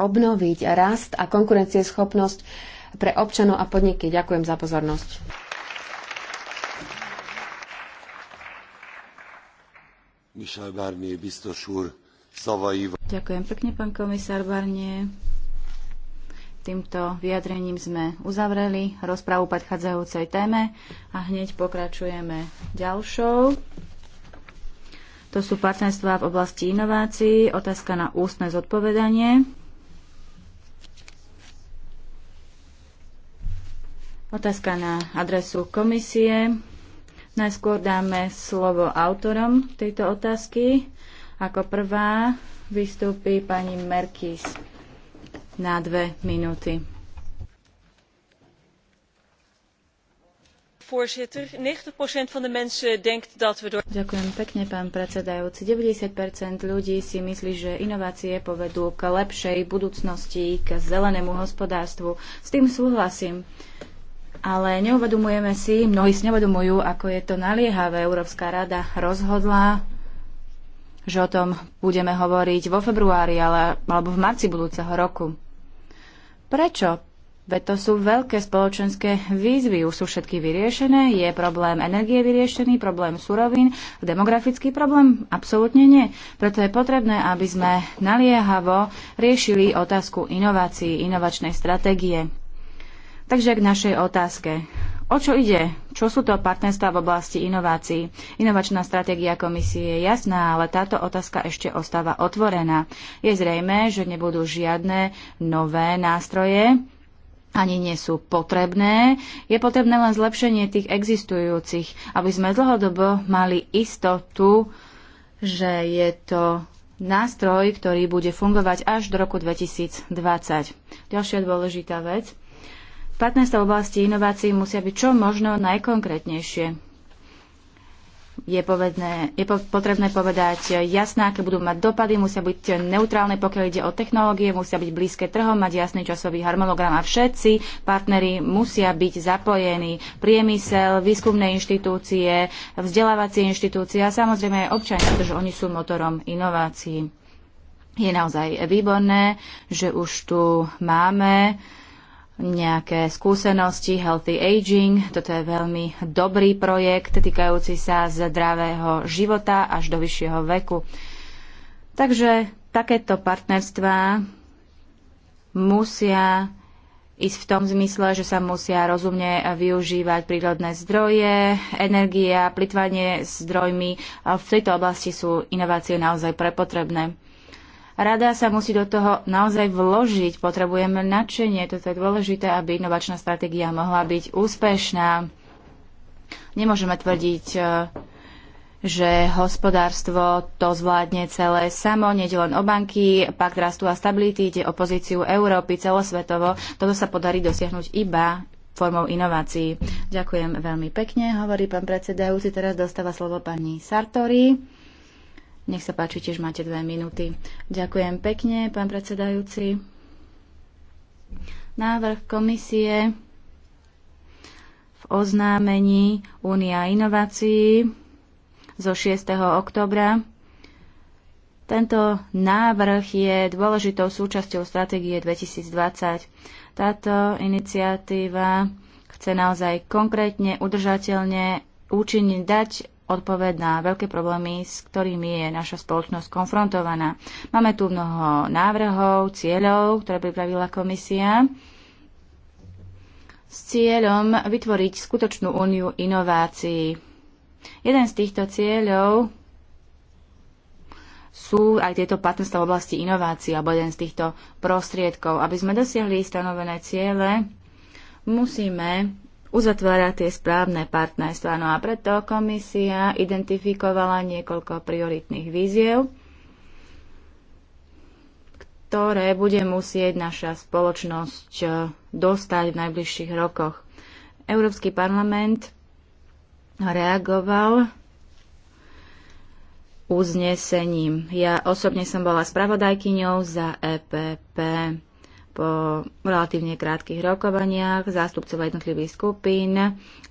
obnoviť rast a konkurencieschopnosť pre občanov a podniky. Ďakujem za pozornosť. Barnier, Ďakujem pekne, pán komisár Barnier. Týmto vyjadrením sme uzavreli rozprávu predchádzajúcej téme a hneď pokračujeme ďalšou. To sú partnerstvá v oblasti inovácií, otázka na ústne zodpovedanie. Otázka na adresu komisie. Najskôr dáme slovo autorom tejto otázky. Ako prvá vystúpi pani Merkis na dve minúty. Voorzitter, 90% van de mensen denkt dat we door... Ďakujem pekne, pán predsedajúci. 90% ľudí si myslí, že inovácie povedú k lepšej budúcnosti, k zelenému hospodárstvu. S tým súhlasím ale neuvedomujeme si, mnohí si neuvedomujú, ako je to naliehavé. Európska rada rozhodla, že o tom budeme hovoriť vo februári ale, alebo v marci budúceho roku. Prečo? Veď to sú veľké spoločenské výzvy, už sú všetky vyriešené, je problém energie vyriešený, problém surovín, demografický problém absolútne nie. Preto je potrebné, aby sme naliehavo riešili otázku inovácií, inovačnej stratégie. Takže k našej otázke. O čo ide? Čo sú to partnerstva v oblasti inovácií? Inovačná stratégia komisie je jasná, ale táto otázka ešte ostáva otvorená. Je zrejme, že nebudú žiadne nové nástroje, ani nie sú potrebné. Je potrebné len zlepšenie tých existujúcich, aby sme dlhodobo mali istotu, že je to nástroj, ktorý bude fungovať až do roku 2020. Ďalšia dôležitá vec Partnerstva v oblasti inovácií musia byť čo možno najkonkrétnejšie. Je, povedné, je potrebné povedať jasné, aké budú mať dopady, musia byť neutrálne, pokiaľ ide o technológie, musia byť blízke trhom, mať jasný časový harmonogram a všetci partneri musia byť zapojení. Priemysel, výskumné inštitúcie, vzdelávacie inštitúcie a samozrejme aj občania, pretože oni sú motorom inovácií. Je naozaj výborné, že už tu máme nejaké skúsenosti Healthy Aging. Toto je veľmi dobrý projekt týkajúci sa zdravého života až do vyššieho veku. Takže takéto partnerstvá musia ísť v tom zmysle, že sa musia rozumne využívať prírodné zdroje, energia, plitvanie zdrojmi. V tejto oblasti sú inovácie naozaj prepotrebné. Rada sa musí do toho naozaj vložiť. Potrebujeme nadšenie. Toto je dôležité, aby inovačná stratégia mohla byť úspešná. Nemôžeme tvrdiť, e, že hospodárstvo to zvládne celé samo, nede len o banky, pakt rastu a stability, ide o pozíciu Európy celosvetovo. Toto sa podarí dosiahnuť iba formou inovácií. Ďakujem veľmi pekne, hovorí pán predsedajúci. Teraz dostáva slovo pani Sartori. Nech sa páči, tiež máte dve minúty. Ďakujem pekne, pán predsedajúci. Návrh komisie v oznámení Únia inovácií zo 6. oktobra. Tento návrh je dôležitou súčasťou stratégie 2020. Táto iniciatíva chce naozaj konkrétne, udržateľne, účinne dať odpoveď na veľké problémy, s ktorými je naša spoločnosť konfrontovaná. Máme tu mnoho návrhov, cieľov, ktoré pripravila komisia s cieľom vytvoriť skutočnú úniu inovácií. Jeden z týchto cieľov sú aj tieto partnerstva v oblasti inovácií alebo jeden z týchto prostriedkov. Aby sme dosiahli stanovené ciele, musíme uzatvára tie správne partnerstva. No a preto komisia identifikovala niekoľko prioritných víziev, ktoré bude musieť naša spoločnosť eh, dostať v najbližších rokoch. Európsky parlament reagoval uznesením. Ja osobne som bola spravodajkyňou za EPP po relatívne krátkých rokovaniach zástupcov jednotlivých skupín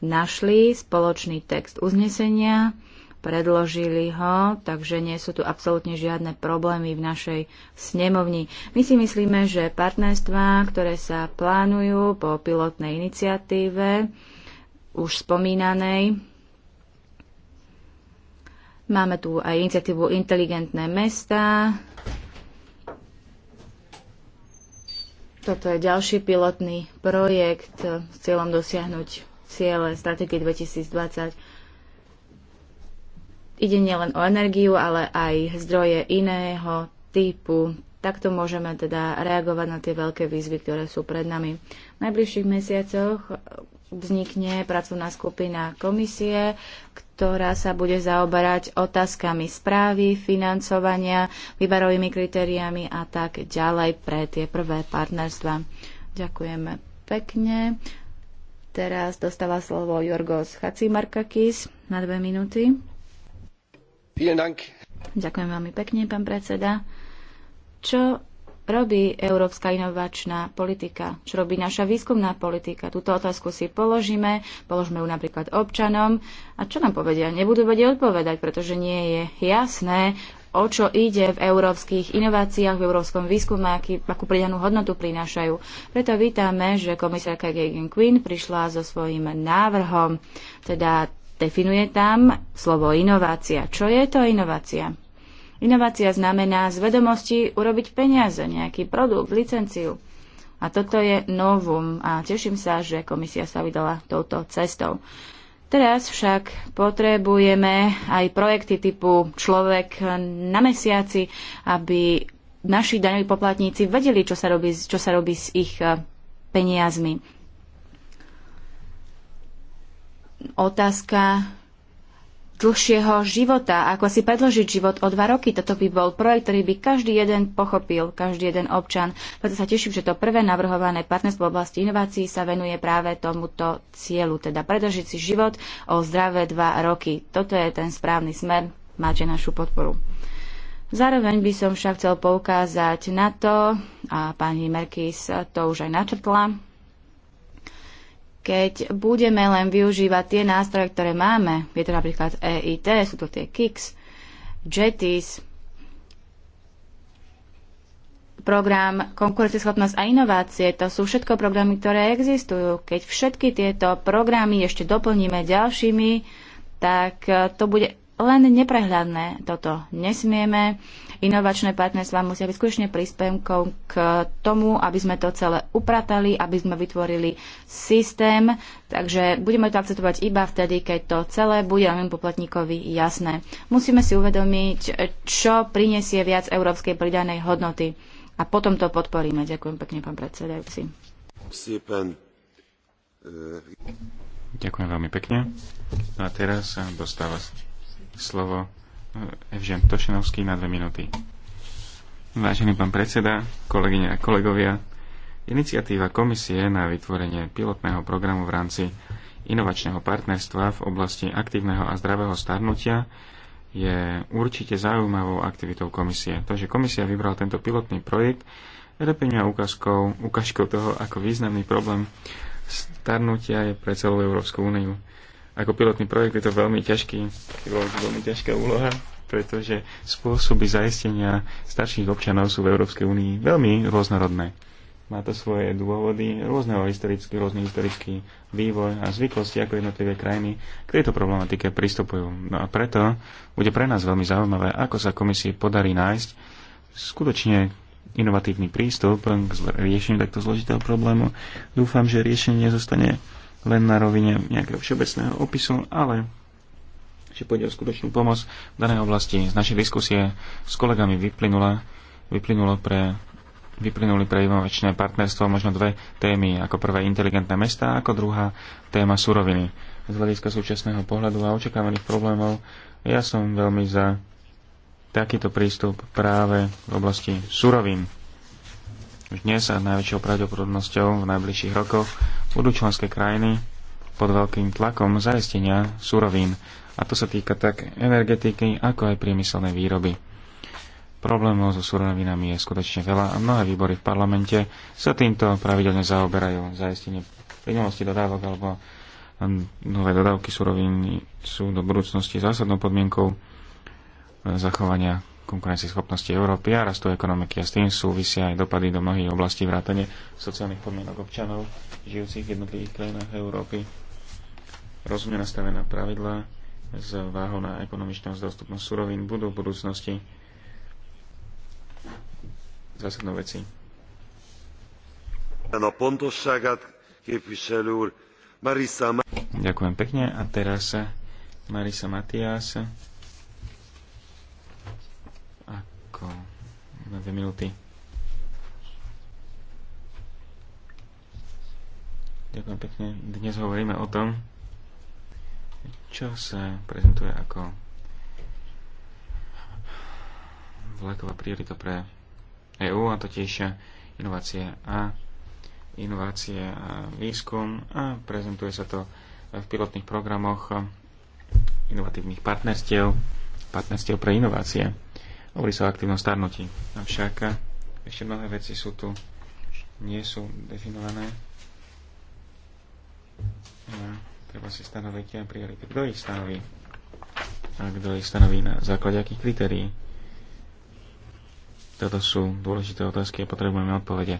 našli spoločný text uznesenia, predložili ho, takže nie sú tu absolútne žiadne problémy v našej snemovni. My si myslíme, že partnerstvá, ktoré sa plánujú po pilotnej iniciatíve, už spomínanej, máme tu aj iniciatívu Inteligentné mesta, Toto je ďalší pilotný projekt s cieľom dosiahnuť ciele stratégie 2020. Ide nielen o energiu, ale aj zdroje iného typu. Takto môžeme teda reagovať na tie veľké výzvy, ktoré sú pred nami. V najbližších mesiacoch vznikne pracovná skupina komisie, ktorá ktorá sa bude zaoberať otázkami správy, financovania, výberovými kritériami a tak ďalej pre tie prvé partnerstva. Ďakujeme pekne. Teraz dostáva slovo Jorgos Chacimarkakis na dve minúty. Ďakujem veľmi pekne, pán predseda. Čo robí európska inovačná politika, čo robí naša výskumná politika. Túto otázku si položíme, položme ju napríklad občanom a čo nám povedia? Nebudú vedieť odpovedať, pretože nie je jasné, o čo ide v európskych inováciách, v európskom výskume, aký, akú pridanú hodnotu prinášajú. Preto vítame, že komisárka Gagin Quinn prišla so svojím návrhom, teda definuje tam slovo inovácia. Čo je to inovácia? Inovácia znamená z vedomosti urobiť peniaze, nejaký produkt, licenciu. A toto je novum a teším sa, že komisia sa vydala touto cestou. Teraz však potrebujeme aj projekty typu človek na mesiaci, aby naši daňoví poplatníci vedeli, čo sa robí, čo sa robí s ich eh, peniazmi. Otázka dlhšieho života, ako si predložiť život o dva roky. Toto by bol projekt, ktorý by každý jeden pochopil, každý jeden občan. Preto sa teším, že to prvé navrhované partnerstvo v oblasti inovácií sa venuje práve tomuto cieľu, teda predlžiť si život o zdravé dva roky. Toto je ten správny smer, máte našu podporu. Zároveň by som však chcel poukázať na to, a pani Merkis to už aj načrtla, keď budeme len využívať tie nástroje, ktoré máme, je to napríklad EIT, sú to tie KICS, JETIS, program Konkurencieschopnosť a inovácie, to sú všetko programy, ktoré existujú. Keď všetky tieto programy ešte doplníme ďalšími, tak to bude len neprehľadné. Toto nesmieme Inovačné partnerstva musia byť skutočne príspevkom k tomu, aby sme to celé upratali, aby sme vytvorili systém. Takže budeme to akceptovať iba vtedy, keď to celé bude len poplatníkovi jasné. Musíme si uvedomiť, čo prinesie viac európskej pridanej hodnoty. A potom to podporíme. Ďakujem pekne, pán predsedajúci. Ďakujem veľmi pekne. No a teraz dostáva slovo Evžen Tošenovský na dve minúty. Vážený pán predseda, kolegyne a kolegovia, iniciatíva komisie na vytvorenie pilotného programu v rámci inovačného partnerstva v oblasti aktívneho a zdravého starnutia je určite zaujímavou aktivitou komisie. To, že komisia vybrala tento pilotný projekt, repeňuje ukázkou, ukážkou toho, ako významný problém starnutia je pre celú Európsku úniu. Ako pilotný projekt je to veľmi ťažký, veľmi ťažká úloha, pretože spôsoby zaistenia starších občanov sú v Európskej únii veľmi rôznorodné. Má to svoje dôvody, rôzneho historický, rôzny historický vývoj a zvyklosti, ako jednotlivé krajiny k tejto problematike pristupujú. No a preto bude pre nás veľmi zaujímavé, ako sa komisii podarí nájsť skutočne inovatívny prístup k riešeniu takto zložitého problému. Dúfam, že riešenie zostane len na rovine nejakého všeobecného opisu, ale že pôjde o skutočnú pomoc v danej oblasti. Z našej diskusie s kolegami vyplynula, vyplynulo pre vyplynuli pre inovačné partnerstvo možno dve témy. Ako prvé inteligentné mesta, ako druhá téma suroviny. Z hľadiska súčasného pohľadu a očakávaných problémov ja som veľmi za takýto prístup práve v oblasti surovín. Už dnes a najväčšou pravdepodobnosťou v najbližších rokoch budú členské krajiny pod veľkým tlakom zaistenia surovín. A to sa týka tak energetiky, ako aj priemyselnej výroby. Problémov so surovinami je skutočne veľa a mnohé výbory v parlamente sa týmto pravidelne zaoberajú. Zaistenie plynulosti dodávok alebo hm, nové dodávky surovín sú do budúcnosti zásadnou podmienkou hm, zachovania konkurencieschopnosti Európy a rastu ekonomiky a s tým súvisia aj dopady do mnohých oblastí vrátane sociálnych podmienok občanov žijúcich v jednotlivých krajinách Európy. Rozumne nastavená pravidlá s váhou na ekonomičnosť dostupnosť surovín budú v budúcnosti zásadnou veci. Ďakujem pekne a teraz Marisa Matias. rečníkov na dve minúty. Ďakujem pekne. Dnes hovoríme o tom, čo sa prezentuje ako vlaková priorita pre EÚ, a totiž inovácie a inovácie a výskum a prezentuje sa to v pilotných programoch inovatívnych partnerstiev, partnerstiev pre inovácie. Hovorí sa o aktívnom starnutí. Avšak eh, ešte mnohé veci sú tu, nie sú definované. A treba si stanoviť aj priority. Kto ich stanoví? A kto ich stanoví na základe akých kritérií? Toto sú dôležité otázky a potrebujeme odpovede.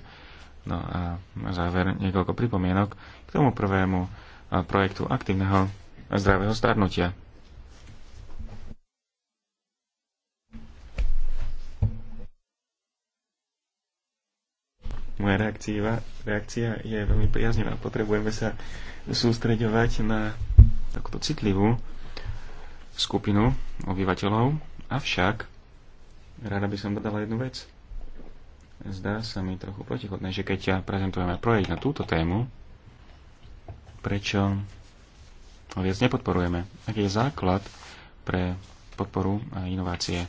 No a na záver niekoľko pripomienok k tomu prvému eh, projektu aktívneho zdravého starnutia. Moja reakcia, reakcia je veľmi priaznivá. Potrebujeme sa sústreďovať na takúto citlivú skupinu obyvateľov. Avšak rada by som dodala jednu vec. Zdá sa mi trochu protichodné, že keď ja prezentujeme projekt na túto tému, prečo ho viac nepodporujeme? Aký je základ pre podporu a inovácie?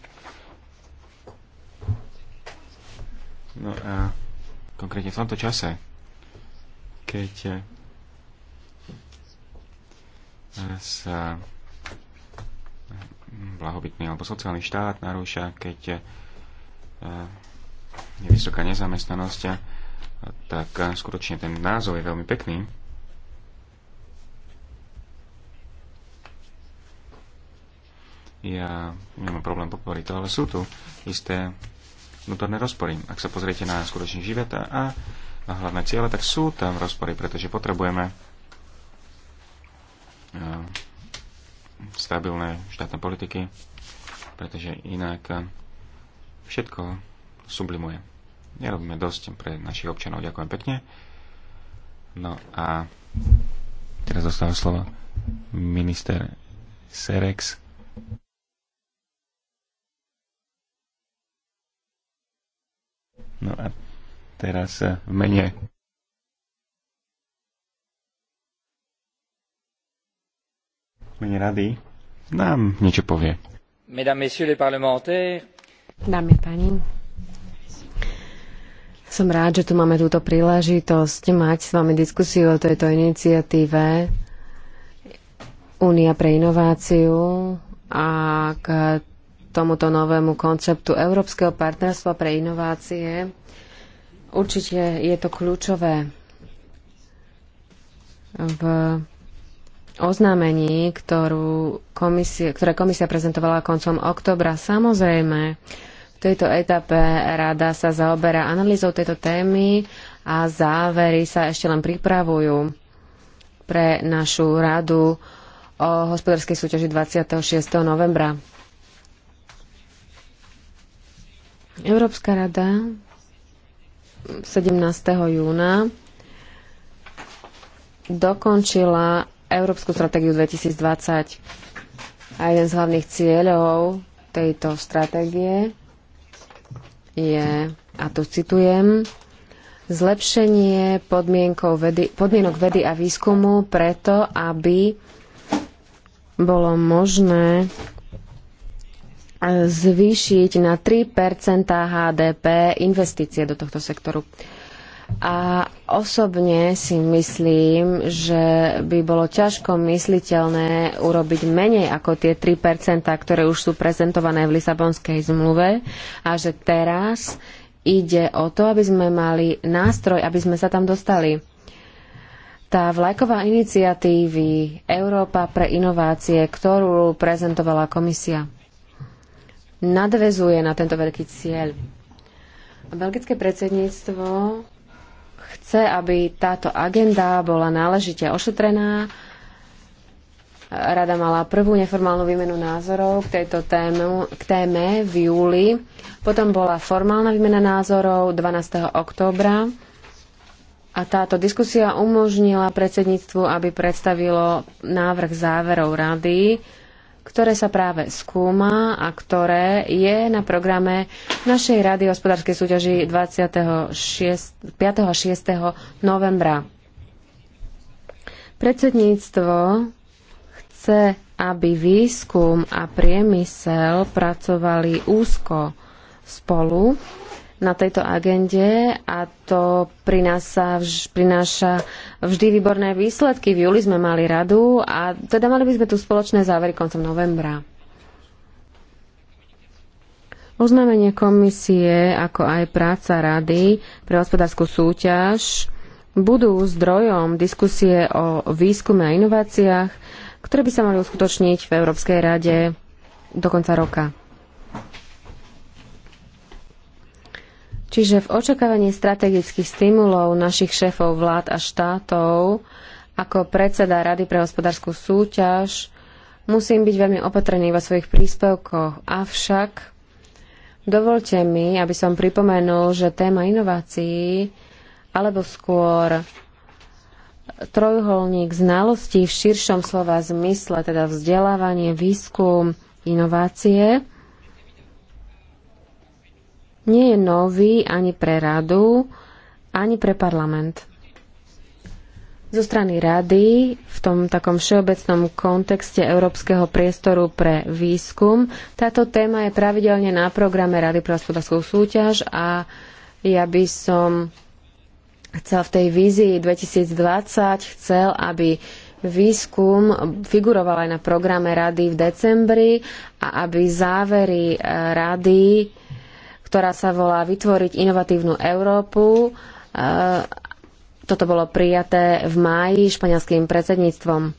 No a konkrétne v tomto čase, keď eh, sa blahobytný alebo sociálny štát narúša, keď eh, je vysoká nezamestnanosť, eh, tak skutočne ten názov je veľmi pekný. Ja nemám problém podporiť to, ale sú tu isté vnútorné rozpory. Ak sa pozriete na skutočný život a na hlavné ciele, tak sú tam rozpory, pretože potrebujeme stabilné štátne politiky, pretože inak všetko sublimuje. Nerobíme dosť pre našich občanov. Ďakujem pekne. No a teraz dostávam slovo minister Serex. No a teraz eh, v mene mene rady nám niečo povie. Mesdames, messieurs les parlementaires. Dámy pani, som rád, že tu máme túto príležitosť mať s vami diskusiu o tejto iniciatíve Únia pre inováciu a k tomuto novému konceptu Európskeho partnerstva pre inovácie. Určite je to kľúčové v oznámení, ktorú komisie, ktoré komisia prezentovala koncom oktobra. Samozrejme, v tejto etape rada sa zaoberá analýzou tejto témy a závery sa ešte len pripravujú pre našu radu o hospodárskej súťaži 26. novembra. Európska rada 17. júna dokončila Európsku stratégiu 2020. A jeden z hlavných cieľov tejto stratégie je, a tu citujem, zlepšenie vedy, podmienok vedy a výskumu preto, aby bolo možné zvýšiť na 3 HDP investície do tohto sektoru. A osobne si myslím, že by bolo ťažko mysliteľné urobiť menej ako tie 3%, ktoré už sú prezentované v Lisabonskej zmluve a že teraz ide o to, aby sme mali nástroj, aby sme sa tam dostali. Tá vlajková iniciatívy Európa pre inovácie, ktorú prezentovala komisia nadvezuje na tento veľký cieľ. Belgické predsedníctvo chce, aby táto agenda bola náležite ošetrená. Rada mala prvú neformálnu výmenu názorov k tejto téme, k téme v júli. Potom bola formálna výmena názorov 12. októbra. A táto diskusia umožnila predsedníctvu, aby predstavilo návrh záverov rady ktoré sa práve skúma a ktoré je na programe našej Rady hospodárskej súťaži 5. a 6. novembra. Predsedníctvo chce, aby výskum a priemysel pracovali úzko spolu na tejto agende a to prináša, prináša vždy výborné výsledky. V júli sme mali radu a teda mali by sme tu spoločné závery koncom novembra. Oznámenie komisie, ako aj práca Rady pre hospodárskú súťaž budú zdrojom diskusie o výskume a inováciách, ktoré by sa mali uskutočniť v Európskej rade do konca roka. Čiže v očakávaní strategických stimulov našich šéfov vlád a štátov ako predseda Rady pre hospodárskú súťaž musím byť veľmi opatrný vo svojich príspevkoch. Avšak dovolte mi, aby som pripomenul, že téma inovácií alebo skôr trojuholník znalostí v širšom slova zmysle, teda vzdelávanie, výskum, inovácie, nie je nový ani pre radu, ani pre parlament. Zo strany rady v tom takom všeobecnom kontexte európskeho priestoru pre výskum táto téma je pravidelne na programe Rady pre hospodárskú súťaž a ja by som chcel v tej vízii 2020 chcel, aby výskum figuroval aj na programe rady v decembri a aby závery eh, rady ktorá sa volá Vytvoriť inovatívnu Európu. E, toto bolo prijaté v máji španielským predsedníctvom.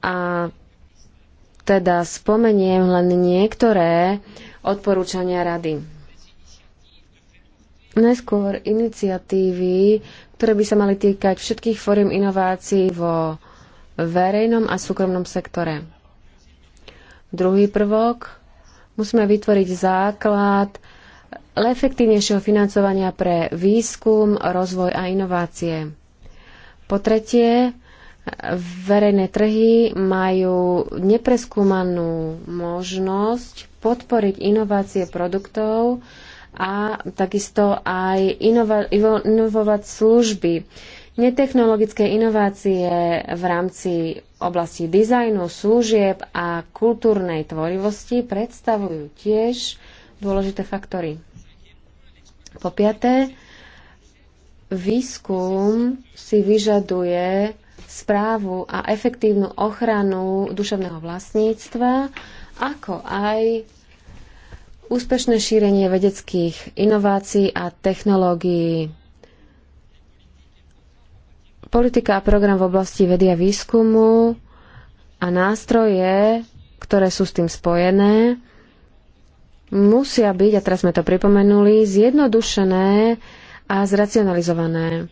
A teda spomeniem len niektoré odporúčania rady. Najskôr iniciatívy, ktoré by sa mali týkať všetkých fóriem inovácií vo verejnom a súkromnom sektore. Druhý prvok Musíme vytvoriť základ efektívnejšieho financovania pre výskum, rozvoj a inovácie. Po tretie, verejné trhy majú nepreskúmanú možnosť podporiť inovácie produktov a takisto aj inova- inovovať služby. Netechnologické inovácie v rámci oblasti dizajnu, služieb a kultúrnej tvorivosti predstavujú tiež dôležité faktory. Po piaté, výskum si vyžaduje správu a efektívnu ochranu duševného vlastníctva, ako aj úspešné šírenie vedeckých inovácií a technológií Politika a program v oblasti vedy a výskumu a nástroje, ktoré sú s tým spojené, musia byť, a teraz sme to pripomenuli, zjednodušené a zracionalizované.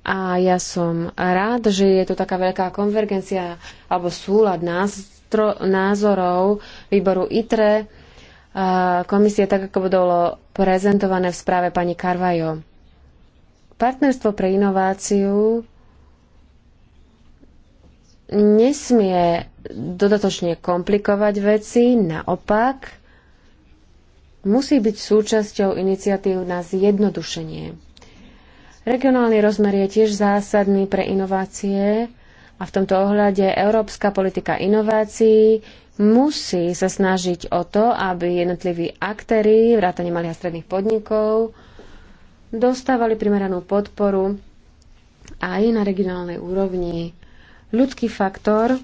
A ja som rád, že je tu taká veľká konvergencia alebo súlad nástro, názorov výboru ITRE, komisie, tak ako bolo prezentované v správe pani Karvajo. Partnerstvo pre inováciu nesmie dodatočne komplikovať veci, naopak musí byť súčasťou iniciatív na zjednodušenie. Regionálny rozmer je tiež zásadný pre inovácie a v tomto ohľade európska politika inovácií musí sa snažiť o to, aby jednotliví aktéry, vrátane malých a stredných podnikov, dostávali primeranú podporu aj na regionálnej úrovni. Ľudský faktor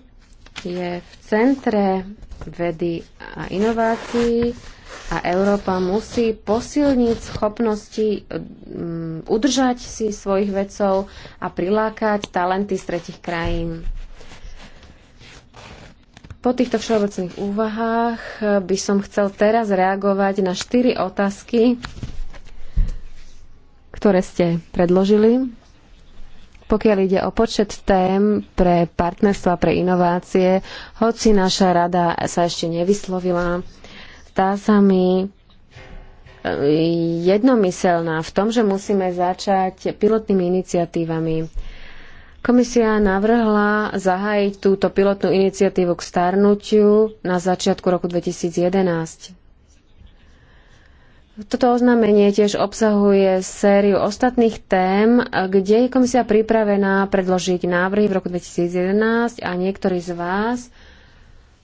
je v centre vedy a inovácií a Európa musí posilniť schopnosti mm, udržať si svojich vedcov a prilákať talenty z tretich krajín. Po týchto všeobecných úvahách by som chcel teraz reagovať na štyri otázky, ktoré ste predložili. Pokiaľ ide o počet tém pre partnerstva pre inovácie, hoci naša rada sa ešte nevyslovila, tá sa mi eh, jednomyselná v tom, že musíme začať pilotnými iniciatívami. Komisia navrhla zahájiť túto pilotnú iniciatívu k starnutiu na začiatku roku 2011. Toto oznámenie tiež obsahuje sériu ostatných tém, kde je komisia pripravená predložiť návrhy v roku 2011 a niektorí z vás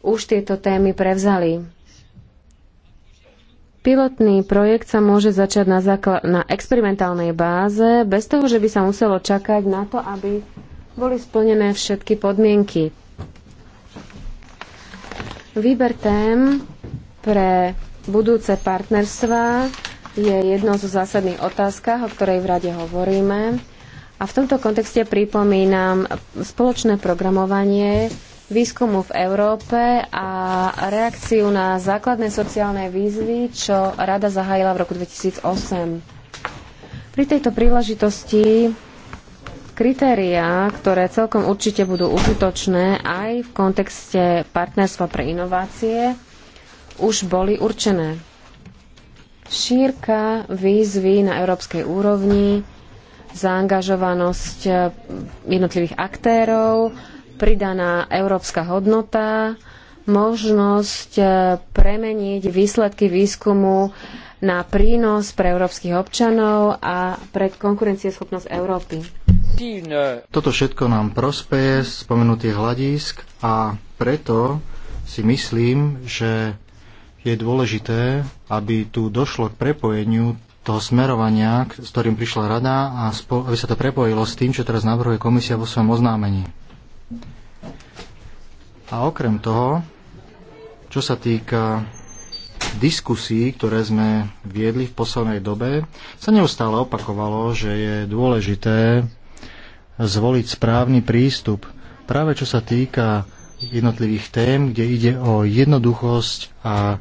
už tieto témy prevzali. Pilotný projekt sa môže začať na, na experimentálnej báze bez toho, že by sa muselo čakať na to, aby boli splnené všetky podmienky. Výber tém pre budúce partnerstva je jednou zo zásadných otázkach, o ktorej v rade hovoríme. A v tomto kontexte pripomínam spoločné programovanie výskumu v Európe a reakciu na základné sociálne výzvy, čo rada zahájila v roku 2008. Pri tejto príležitosti kritériá, ktoré celkom určite budú užitočné aj v kontexte partnerstva pre inovácie, už boli určené. Šírka výzvy na európskej úrovni, zaangažovanosť eh, jednotlivých aktérov, pridaná európska hodnota, možnosť eh, premeniť výsledky výskumu na prínos pre európskych občanov a pre konkurencieschopnosť Európy. Toto všetko nám prospeje z spomenutých hľadísk a preto si myslím, že je dôležité, aby tu došlo k prepojeniu toho smerovania, s ktorým prišla rada a aby sa to prepojilo s tým, čo teraz navrhuje komisia vo svojom oznámení. A okrem toho, čo sa týka diskusí, ktoré sme viedli v poslednej dobe, sa neustále opakovalo, že je dôležité zvoliť správny prístup práve čo sa týka jednotlivých tém, kde ide o jednoduchosť a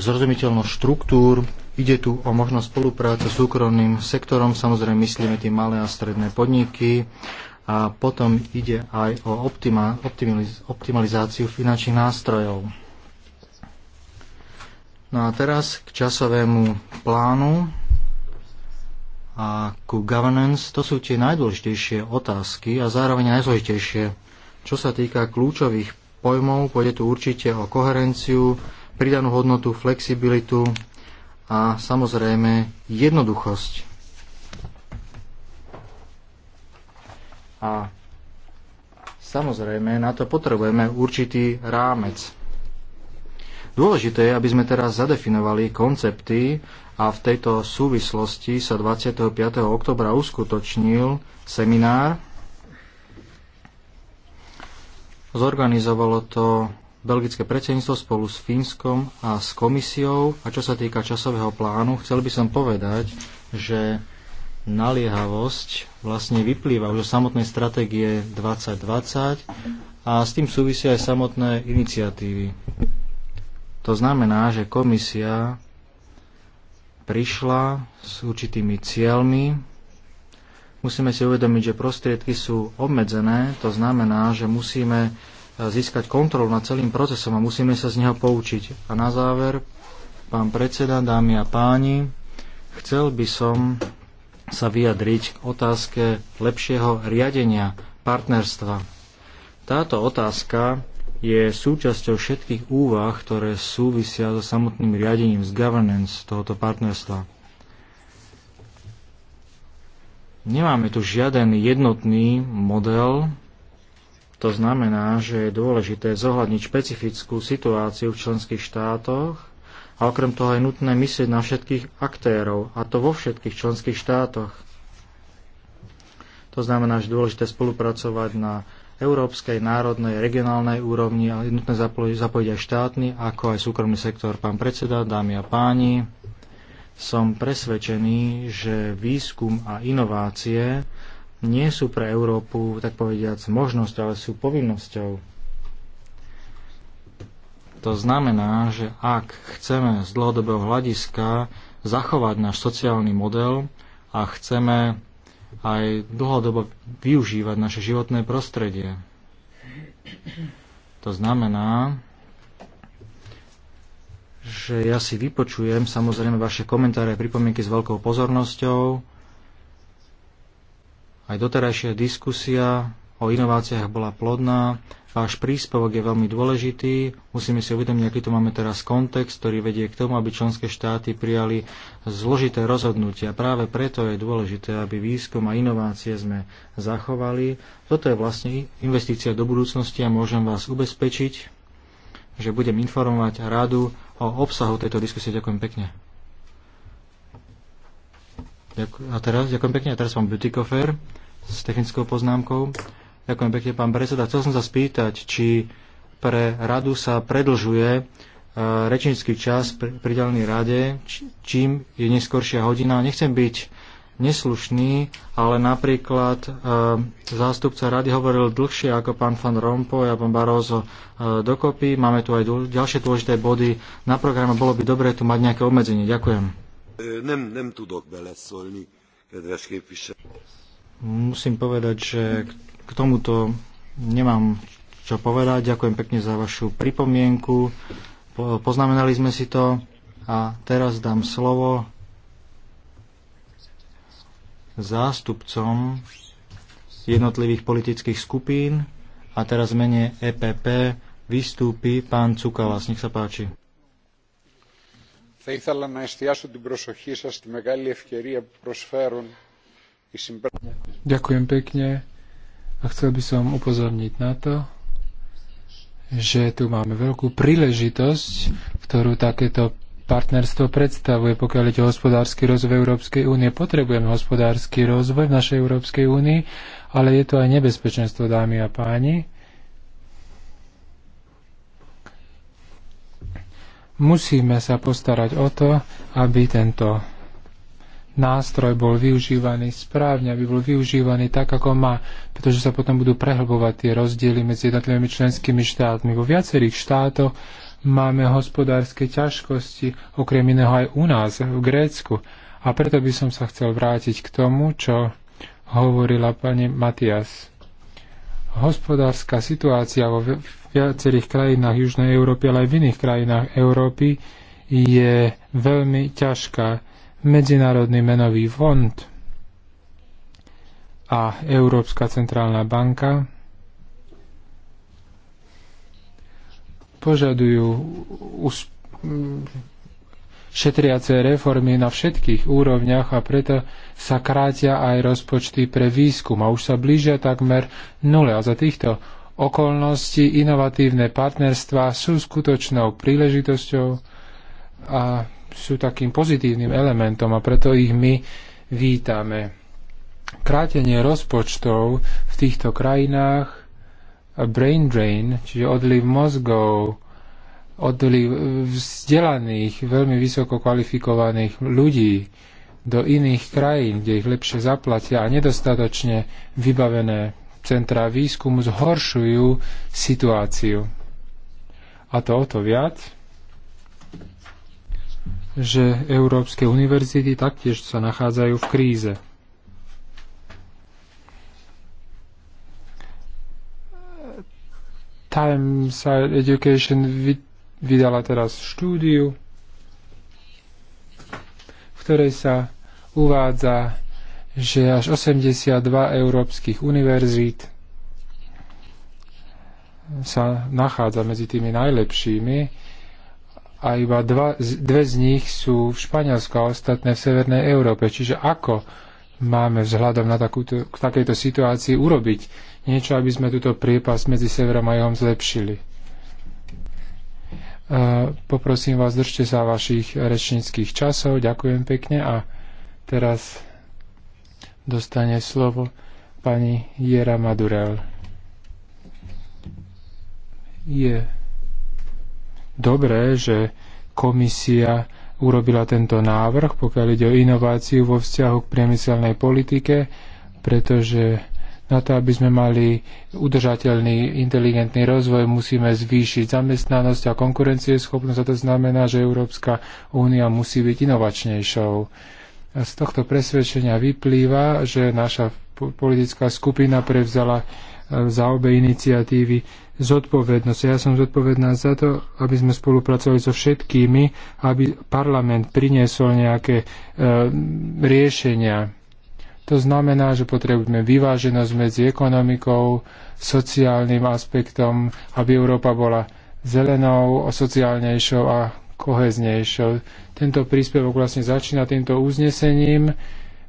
zrozumiteľnosť štruktúr. Ide tu o možnosť spolupráce s súkromným sektorom, samozrejme myslíme tie malé a stredné podniky a potom ide aj o optimaliz, optimalizáciu finančných nástrojov. No a teraz k časovému plánu a ku governance. To sú tie najdôležitejšie otázky a zároveň najzložitejšie. Čo sa týka kľúčových pojmov, pôjde tu určite o koherenciu, pridanú hodnotu, flexibilitu a samozrejme jednoduchosť. A samozrejme na to potrebujeme určitý rámec. Dôležité je, aby sme teraz zadefinovali koncepty a v tejto súvislosti sa 25. oktobra uskutočnil seminár. Zorganizovalo to belgické predsedníctvo spolu s Fínskom a s komisiou. A čo sa týka časového plánu, chcel by som povedať, že naliehavosť vlastne vyplýva už zo samotnej stratégie 2020 a s tým súvisia aj samotné iniciatívy. To znamená, že komisia prišla s určitými cieľmi. Musíme si uvedomiť, že prostriedky sú obmedzené, to znamená, že musíme získať kontrolu nad celým procesom a musíme sa z neho poučiť. A na záver, pán predseda, dámy a páni, chcel by som sa vyjadriť k otázke lepšieho riadenia partnerstva. Táto otázka je súčasťou všetkých úvah, ktoré súvisia so samotným riadením, z governance tohoto partnerstva. Nemáme tu žiaden jednotný model to znamená, že je dôležité zohľadniť špecifickú situáciu v členských štátoch a okrem toho je nutné myslieť na všetkých aktérov, a to vo všetkých členských štátoch. To znamená, že je dôležité spolupracovať na európskej, národnej, regionálnej úrovni a je nutné zapojiť, zapojiť aj štátny, ako aj súkromný sektor. Pán predseda, dámy a páni, som presvedčený, že výskum a inovácie nie sú pre Európu, tak povediac, možnosť, ale sú povinnosťou. To znamená, že ak chceme z dlhodobého hľadiska zachovať náš sociálny model a chceme aj dlhodobo využívať naše životné prostredie. To znamená, že ja si vypočujem samozrejme vaše komentáre a pripomienky s veľkou pozornosťou aj doterajšia diskusia o inováciách bola plodná. Váš príspevok je veľmi dôležitý. Musíme si uvedomiť, aký tu máme teraz kontext, ktorý vedie k tomu, aby členské štáty prijali zložité rozhodnutia. Práve preto je dôležité, aby výskum a inovácie sme zachovali. Toto je vlastne investícia do budúcnosti a môžem vás ubezpečiť, že budem informovať radu o obsahu tejto diskusie. Ďakujem pekne. A teraz, ďakujem pekne. A teraz pán Butikofer s technickou poznámkou. Ďakujem pekne, pán predseda. Chcel som sa spýtať, či pre radu sa predlžuje e, rečnícky čas pridelený rade, čím je neskoršia hodina. Nechcem byť neslušný, ale napríklad uh, zástupca rady hovoril dlhšie ako pán Van Rompuy a pán Barroso uh, dokopy. Máme tu aj ďalšie dôležité body na programe. Bolo by dobré tu mať nejaké obmedzenie. Ďakujem. Musím povedať, že k tomuto nemám čo povedať. Ďakujem pekne za vašu pripomienku. Poznamenali sme si to a teraz dám slovo zástupcom jednotlivých politických skupín a teraz mene EPP vystúpi pán Cukalas. Nech sa páči θα ήθελα να εστιάσω την προσοχή σας στη μεγάλη ευκαιρία που προσφέρουν οι συμπράξεις. Ďakujem pekne a chcel by som upozorniť na to, že tu máme veľkú príležitosť, ktorú takéto partnerstvo predstavuje, pokiaľ ide o hospodársky rozvoj Európskej únie. Potrebujeme hospodársky rozvoj v našej Európskej únii, ale je to aj nebezpečenstvo, dámy a páni. Musíme sa postarať o to, aby tento nástroj bol využívaný správne, aby bol využívaný tak, ako má, pretože sa potom budú prehlbovať tie rozdiely medzi jednotlivými členskými štátmi. Vo viacerých štátoch máme hospodárske ťažkosti, okrem iného aj u nás, v Grécku. A preto by som sa chcel vrátiť k tomu, čo hovorila pani Matias. Hospodárska situácia vo viacerých krajinách Južnej Európy, ale aj v iných krajinách Európy je veľmi ťažká. Medzinárodný menový fond a Európska centrálna banka požadujú šetriace reformy na všetkých úrovniach a preto sa krátia aj rozpočty pre výskum a už sa blížia takmer nule. A za týchto okolnosti inovatívne partnerstvá sú skutočnou príležitosťou a sú takým pozitívnym elementom a preto ich my vítame. Krátenie rozpočtov v týchto krajinách brain drain, čiže odliv mozgov, odliv vzdelaných, veľmi vysoko kvalifikovaných ľudí do iných krajín, kde ich lepšie zaplatia a nedostatočne vybavené centra výskumu zhoršujú situáciu. A to o to viac, že európske univerzity taktiež sa nachádzajú v kríze. Times Education vydala teraz štúdiu, v ktorej sa uvádza že až 82 európskych univerzít sa nachádza medzi tými najlepšími a iba dva, dve z nich sú v Španielsku a ostatné v Severnej Európe. Čiže ako máme vzhľadom na takúto, k takejto situácii urobiť niečo, aby sme túto priepas medzi severom a juhom zlepšili? E, poprosím vás, držte sa vašich rečníckých časov. Ďakujem pekne a teraz dostane slovo pani Jera Madurel. Je dobré, že komisia urobila tento návrh, pokiaľ ide o inováciu vo vzťahu k priemyselnej politike, pretože na to, aby sme mali udržateľný, inteligentný rozvoj, musíme zvýšiť zamestnanosť a konkurencieschopnosť a to znamená, že Európska únia musí byť inovačnejšou. Z tohto presvedčenia vyplýva, že naša politická skupina prevzala e, za obe iniciatívy zodpovednosť. Ja som zodpovedná za to, aby sme spolupracovali so všetkými, aby parlament priniesol nejaké e, riešenia. To znamená, že potrebujeme vyváženosť medzi ekonomikou, sociálnym aspektom, aby Európa bola zelenou, sociálnejšou a koheznejšou. Tento príspevok vlastne začína týmto uznesením,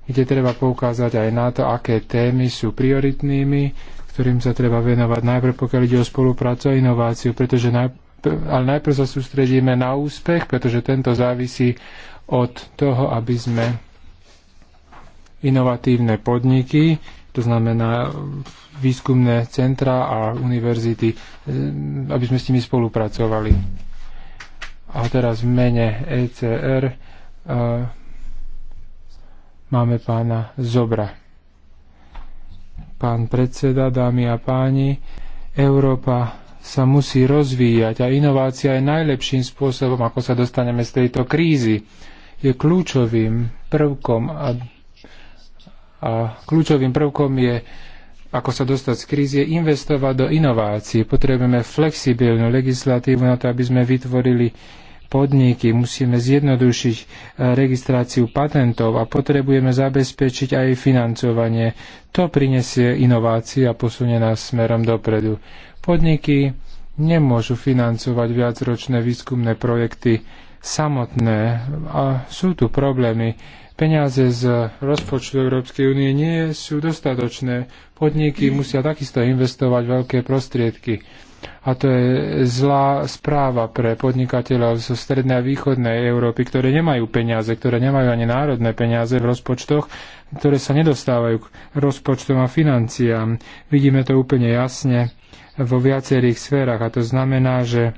kde treba poukázať aj na to, aké témy sú prioritnými, ktorým sa treba venovať najprv, pokiaľ ide o spoluprácu a inováciu, pretože najprv, ale najprv sa sústredíme na úspech, pretože tento závisí od toho, aby sme inovatívne podniky, to znamená výskumné centra a univerzity, eh, aby sme s nimi spolupracovali. A teraz v mene ECR e, máme pána Zobra. Pán predseda, dámy a páni, Európa sa musí rozvíjať a inovácia je najlepším spôsobom, ako sa dostaneme z tejto krízy. Je kľúčovým prvkom a, a kľúčovým prvkom je ako sa dostať z krízy, investovať do inovácií. Potrebujeme flexibilnú legislatívu na to, aby sme vytvorili podniky, musíme zjednodušiť e, registráciu patentov a potrebujeme zabezpečiť aj financovanie. To prinesie inovácie a posunie nás smerom dopredu. Podniky nemôžu financovať viacročné výskumné projekty samotné a sú tu problémy. Peniaze z rozpočtu Európskej únie nie sú dostatočné. Podniky musia takisto investovať veľké prostriedky. A to je zlá správa pre podnikateľov zo strednej a východnej Európy, ktoré nemajú peniaze, ktoré nemajú ani národné peniaze v rozpočtoch, ktoré sa nedostávajú k rozpočtom a financiám. Vidíme to úplne jasne vo viacerých sférach a to znamená, že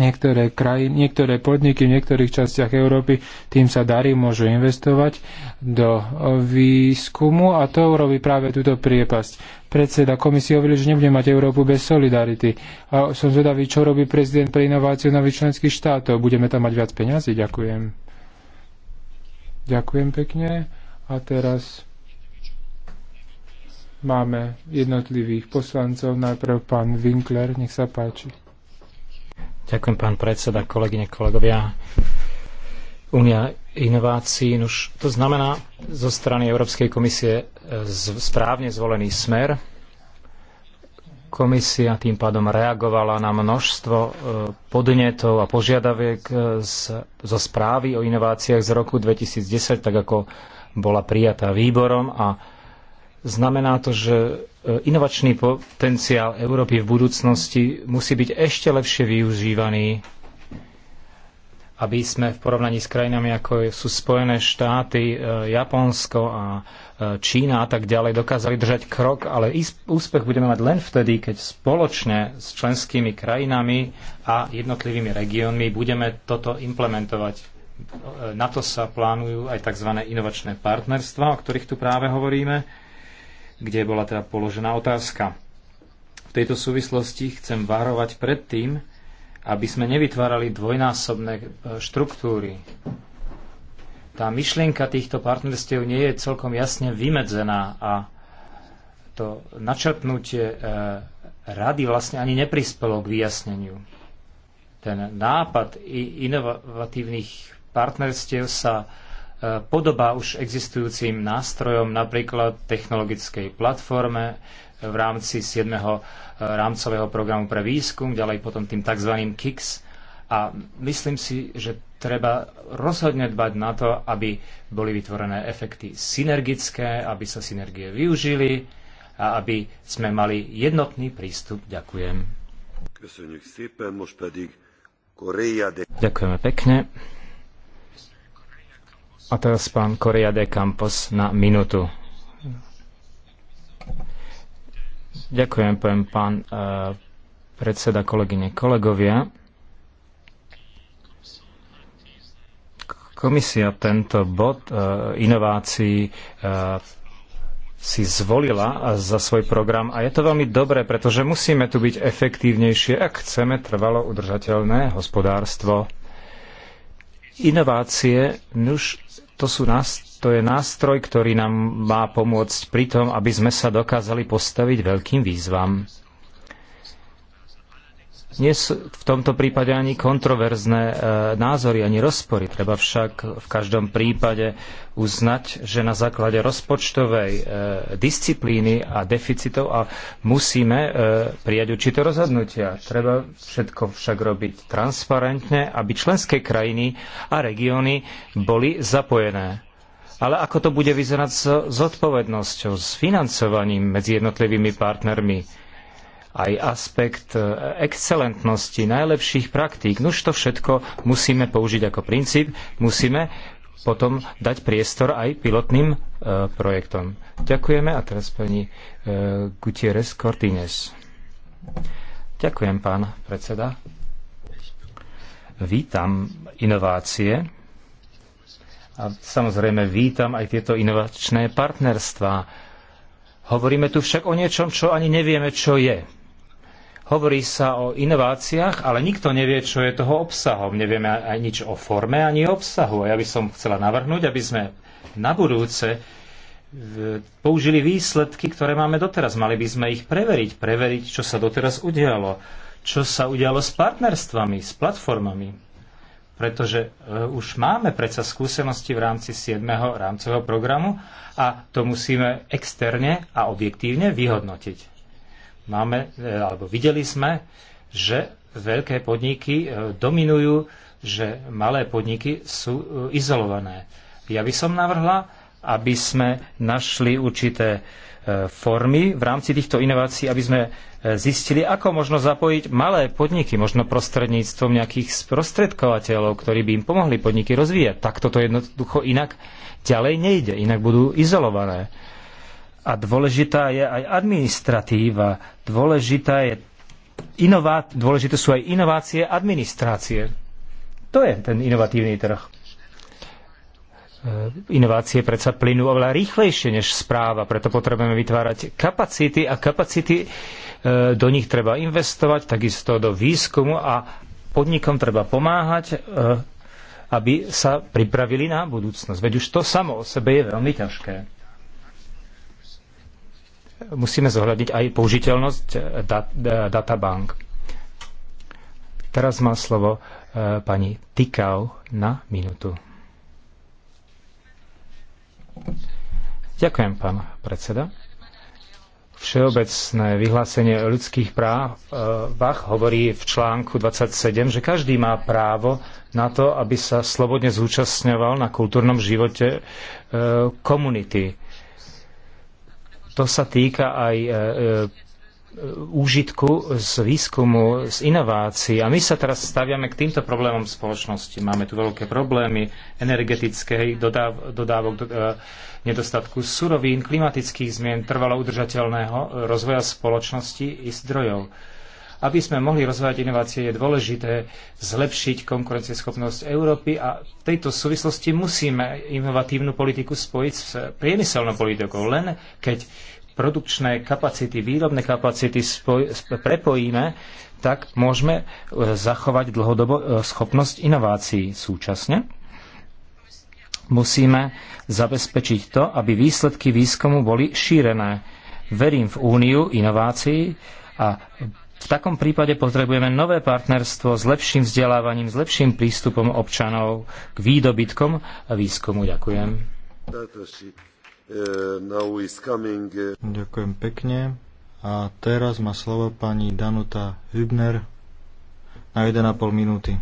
niektoré krajiny, niektoré podniky v niektorých častiach Európy tým sa darí, môžu investovať do výskumu a to urobí práve túto priepasť. Predseda komisie hovoril, že nebude mať Európu bez solidarity. A som zvedavý, čo robí prezident pre inováciu nových členských štátov. Budeme tam mať viac peniazy. Ďakujem. Ďakujem pekne. A teraz máme jednotlivých poslancov. Najprv pán Winkler, nech sa páči. Ďakujem, pán predseda, kolegyne, kolegovia. Únia inovácií. Už to znamená zo strany Európskej komisie e, správne zvolený smer. Komisia tým pádom reagovala na množstvo e, podnetov a požiadaviek e, z, zo správy o inováciách z roku 2010, tak ako bola prijatá výborom a znamená to, že E, inovačný potenciál Európy v budúcnosti musí byť ešte lepšie využívaný, aby sme v porovnaní s krajinami, ako sú Spojené štáty, e, Japonsko a e, Čína a tak ďalej, dokázali držať krok, ale úspech budeme mať len vtedy, keď spoločne s členskými krajinami a jednotlivými regiónmi budeme toto implementovať. Na to sa plánujú aj tzv. inovačné partnerstva, o ktorých tu práve hovoríme kde bola teda položená otázka. V tejto súvislosti chcem varovať pred tým, aby sme nevytvárali dvojnásobné e, štruktúry. Tá myšlienka týchto partnerstiev nie je celkom jasne vymedzená a to načrtnutie e, rady vlastne ani neprispelo k vyjasneniu. Ten nápad inovatívnych partnerstiev sa podobá už existujúcim nástrojom, napríklad technologickej platforme v rámci 7. E, rámcového programu pre výskum, ďalej potom tým tzv. KICS. A myslím si, že treba rozhodne dbať na to, aby boli vytvorené efekty synergické, aby sa synergie využili a aby sme mali jednotný prístup. Ďakujem. Ďakujeme pekne. A teraz pán Korea de Campos na minútu. Ďakujem, poviem pán uh, predseda, kolegyne, kolegovia. Komisia tento bod uh, inovácií uh, si zvolila za svoj program a je to veľmi dobré, pretože musíme tu byť efektívnejšie, ak chceme trvalo udržateľné hospodárstvo. Inovácie, nuž, to, sú nás, to je nástroj, ktorý nám má pomôcť pri tom, aby sme sa dokázali postaviť veľkým výzvam nie sú v tomto prípade ani kontroverzné e, názory, ani rozpory. Treba však v každom prípade uznať, že na základe rozpočtovej e, disciplíny a deficitov a musíme e, prijať určité rozhodnutia. Treba všetko však robiť transparentne, aby členské krajiny a regióny boli zapojené. Ale ako to bude vyzerať s zodpovednosťou, s financovaním medzi jednotlivými partnermi? aj aspekt e, excelentnosti, najlepších praktík. Nuž to všetko musíme použiť ako princíp, musíme potom dať priestor aj pilotným e, projektom. Ďakujeme a teraz pani e, Gutierrez Cortines. Ďakujem, pán predseda. Vítam inovácie a samozrejme vítam aj tieto inovačné partnerstvá. Hovoríme tu však o niečom, čo ani nevieme, čo je. Hovorí sa o inováciách, ale nikto nevie, čo je toho obsahom. Nevieme aj nič o forme, ani obsahu. A ja by som chcela navrhnúť, aby sme na budúce e, použili výsledky, ktoré máme doteraz. Mali by sme ich preveriť, preveriť, čo sa doteraz udialo, čo sa udialo s partnerstvami, s platformami. Pretože e, už máme predsa skúsenosti v rámci 7. rámcového programu a to musíme externe a objektívne vyhodnotiť máme, e, alebo videli sme, že veľké podniky e, dominujú, že malé podniky sú e, izolované. Ja by som navrhla, aby sme našli určité formy v rámci týchto inovácií, aby sme zistili, ako možno zapojiť malé podniky, možno prostredníctvom nejakých sprostredkovateľov, ktorí by im pomohli podniky rozvíjať. Tak toto jednoducho inak ďalej nejde, inak budú izolované. A dôležitá je aj administratíva. Dôležitá je inová... dôležité sú aj inovácie administrácie. To je ten inovatívny trh. E, inovácie predsa plynú oveľa rýchlejšie než správa, preto potrebujeme vytvárať kapacity a kapacity e, do nich treba investovať, takisto do výskumu a podnikom treba pomáhať, e, aby sa pripravili na budúcnosť. Veď už to samo o sebe je veľmi ťažké musíme zohľadniť aj použiteľnosť databank. Teraz má slovo e, pani Tikau na minútu. Ďakujem, pán predseda. Všeobecné vyhlásenie o ľudských e, Bach hovorí v článku 27, že každý má právo na to, aby sa slobodne zúčastňoval na kultúrnom živote e, komunity. To sa týka aj e, e, úžitku z výskumu, z inovácií. A my sa teraz staviame k týmto problémom spoločnosti. Máme tu veľké problémy energetické, dodáv, dodávok, do, e, nedostatku surovín, klimatických zmien, trvalo udržateľného rozvoja spoločnosti i zdrojov. Aby sme mohli rozvíjať inovácie, je dôležité zlepšiť konkurencieschopnosť Európy a v tejto súvislosti musíme inovatívnu politiku spojiť s priemyselnou politikou. Len keď produkčné kapacity, výrobné kapacity spoj, prepojíme, tak môžeme e, zachovať dlhodobo e, schopnosť inovácií súčasne musíme zabezpečiť to, aby výsledky výskumu boli šírené. Verím v úniu inovácií a v takom prípade potrebujeme nové partnerstvo s lepším vzdelávaním, s lepším prístupom občanov k výdobytkom a výskumu. Ďakujem. Ďakujem pekne. A teraz má slovo pani Danuta Hübner na 1,5 minúty.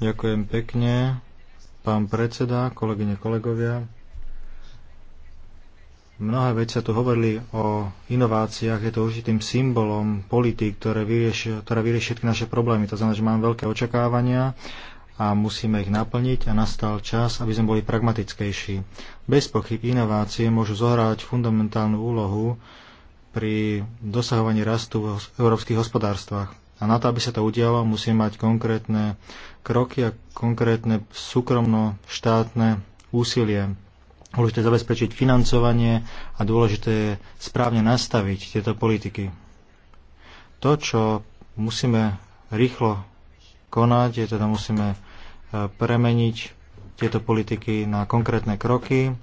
Ďakujem pekne, pán predseda, kolegyne, kolegovia. Mnohé veci sa tu hovorili o inováciách, je to určitým symbolom politik, ktoré vyriešia, ktoré vyrieši všetky naše problémy. To znamená, že máme veľké očakávania a musíme ich naplniť a nastal čas, aby sme boli pragmatickejší. Bez pochyb inovácie môžu zohrávať fundamentálnu úlohu pri dosahovaní rastu v európskych hospodárstvách. A na to, aby sa to udialo, musíme mať konkrétne kroky a konkrétne súkromno-štátne úsilie Dôležité zabezpečiť financovanie a dôležité je správne nastaviť tieto politiky. To, čo musíme rýchlo konať, je teda musíme e, premeniť tieto politiky na konkrétne kroky,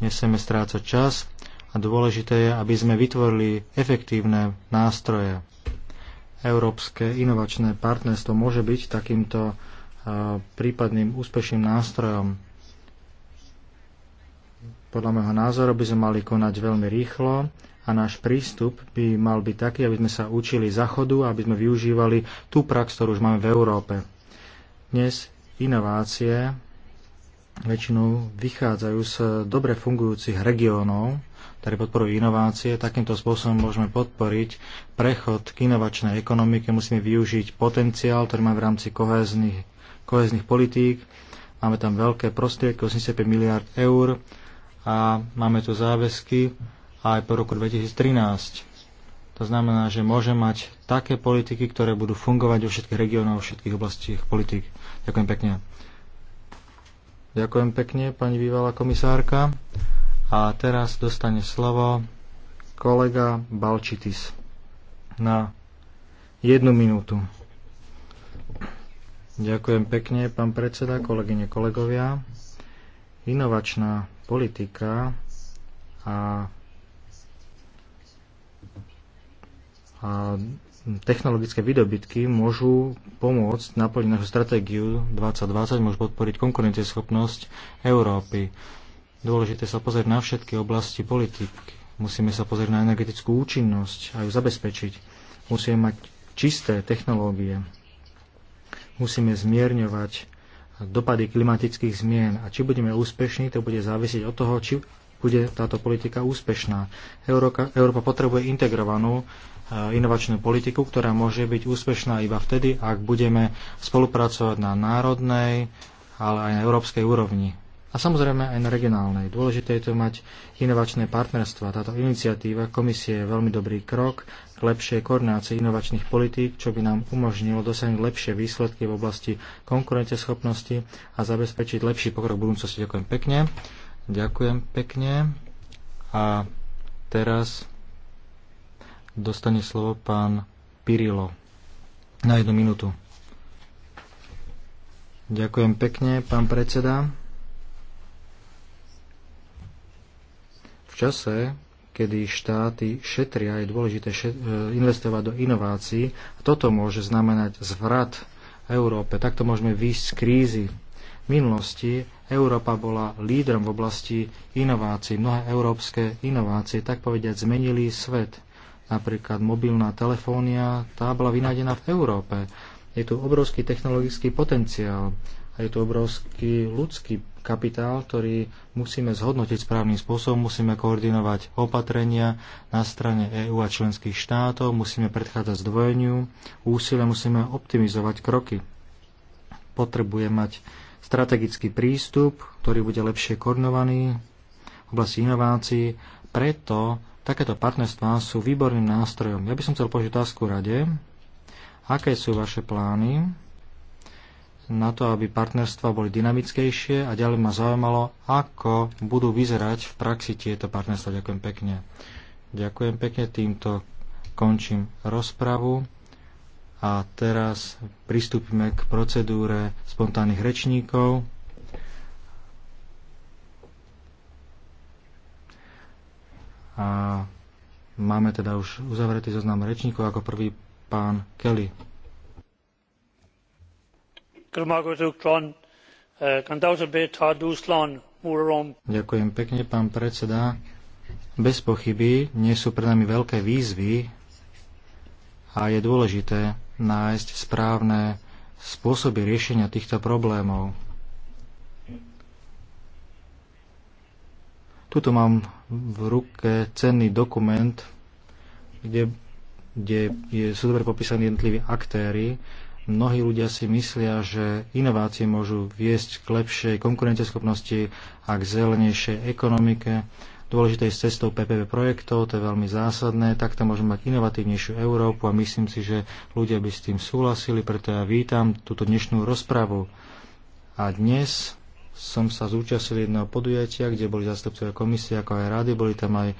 nesieme strácať čas a dôležité je, aby sme vytvorili efektívne nástroje. Európske inovačné partnerstvo môže byť takýmto e, prípadným úspešným nástrojom. Podľa môjho názoru by sme mali konať veľmi rýchlo a náš prístup by mal byť taký, aby sme sa učili zachodu, aby sme využívali tú prax, ktorú už máme v Európe. Dnes inovácie väčšinou vychádzajú z dobre fungujúcich regiónov, ktoré podporujú inovácie. Takýmto spôsobom môžeme podporiť prechod k inovačnej ekonomike. Musíme využiť potenciál, ktorý máme v rámci kohezných, kohezných politík. Máme tam veľké prostriedky, 85 miliard eur a máme tu záväzky aj po roku 2013. To znamená, že môže mať také politiky, ktoré budú fungovať vo všetkých regiónoch, vo všetkých oblastiach politik. Ďakujem pekne. Ďakujem pekne, pani bývalá komisárka. A teraz dostane slovo kolega Balčitis na jednu minútu. Ďakujem pekne, pán predseda, kolegyne, kolegovia. Inovačná politika a, a technologické výdobytky môžu pomôcť naplniť našu stratégiu 2020, môžu podporiť konkurencieschopnosť Európy. Dôležité sa pozrieť na všetky oblasti politiky. Musíme sa pozrieť na energetickú účinnosť a ju zabezpečiť. Musíme mať čisté technológie. Musíme zmierňovať dopady klimatických zmien a či budeme úspešní, to bude závisieť od toho, či bude táto politika úspešná. Európa, Európa potrebuje integrovanú e, inovačnú politiku, ktorá môže byť úspešná iba vtedy, ak budeme spolupracovať na národnej, ale aj na európskej úrovni a samozrejme aj na regionálnej. Dôležité je to mať inovačné partnerstva. Táto iniciatíva komisie je veľmi dobrý krok k lepšej koordinácii inovačných politík, čo by nám umožnilo dosiahnuť lepšie výsledky v oblasti konkurenteschopnosti a zabezpečiť lepší pokrok v budúcnosti. Ďakujem pekne. Ďakujem pekne. A teraz dostane slovo pán Pirilo na jednu minútu. Ďakujem pekne, pán predseda. V čase, kedy štáty šetria, je dôležité e, investovať do inovácií. A toto môže znamenať zvrat Európe. Takto môžeme výjsť z krízy. V minulosti Európa bola lídrom v oblasti inovácií. Mnohé európske inovácie, tak povediať, zmenili svet. Napríklad mobilná telefónia, tá bola vynádená v Európe. Je tu obrovský technologický potenciál a je to obrovský ľudský kapitál, ktorý musíme zhodnotiť správnym spôsobom, musíme koordinovať opatrenia na strane EÚ a členských štátov, musíme predchádzať zdvojeniu, úsilie musíme optimizovať kroky. Potrebuje mať strategický prístup, ktorý bude lepšie koordinovaný v oblasti inovácií, preto takéto partnerstvá sú výborným nástrojom. Ja by som chcel požiť otázku rade, aké sú vaše plány na to, aby partnerstva boli dynamickejšie a ďalej ma zaujímalo, ako budú vyzerať v praxi tieto partnerstva. Ďakujem pekne. Ďakujem pekne, týmto končím rozpravu a teraz pristúpime k procedúre spontánnych rečníkov. A máme teda už uzavretý zoznam rečníkov ako prvý pán Kelly. Eh, Ďakujem pekne, pán predseda. Bez pochyby nie sú pred nami veľké výzvy a je dôležité nájsť správne spôsoby riešenia týchto problémov. Tuto mám v ruke cenný dokument, kde, kde je, sú dobre popísaní jednotliví aktéry Mnohí ľudia si myslia, že inovácie môžu viesť k lepšej konkurenteschopnosti a k zelenejšej ekonomike. Dôležité je s cestou PPP projektov, to je veľmi zásadné. Takto môžeme mať inovatívnejšiu Európu a myslím si, že ľudia by s tým súhlasili, preto ja vítam túto dnešnú rozpravu. A dnes som sa zúčastnil jedného podujatia, kde boli zastupcovia komisie, ako aj rady, boli tam aj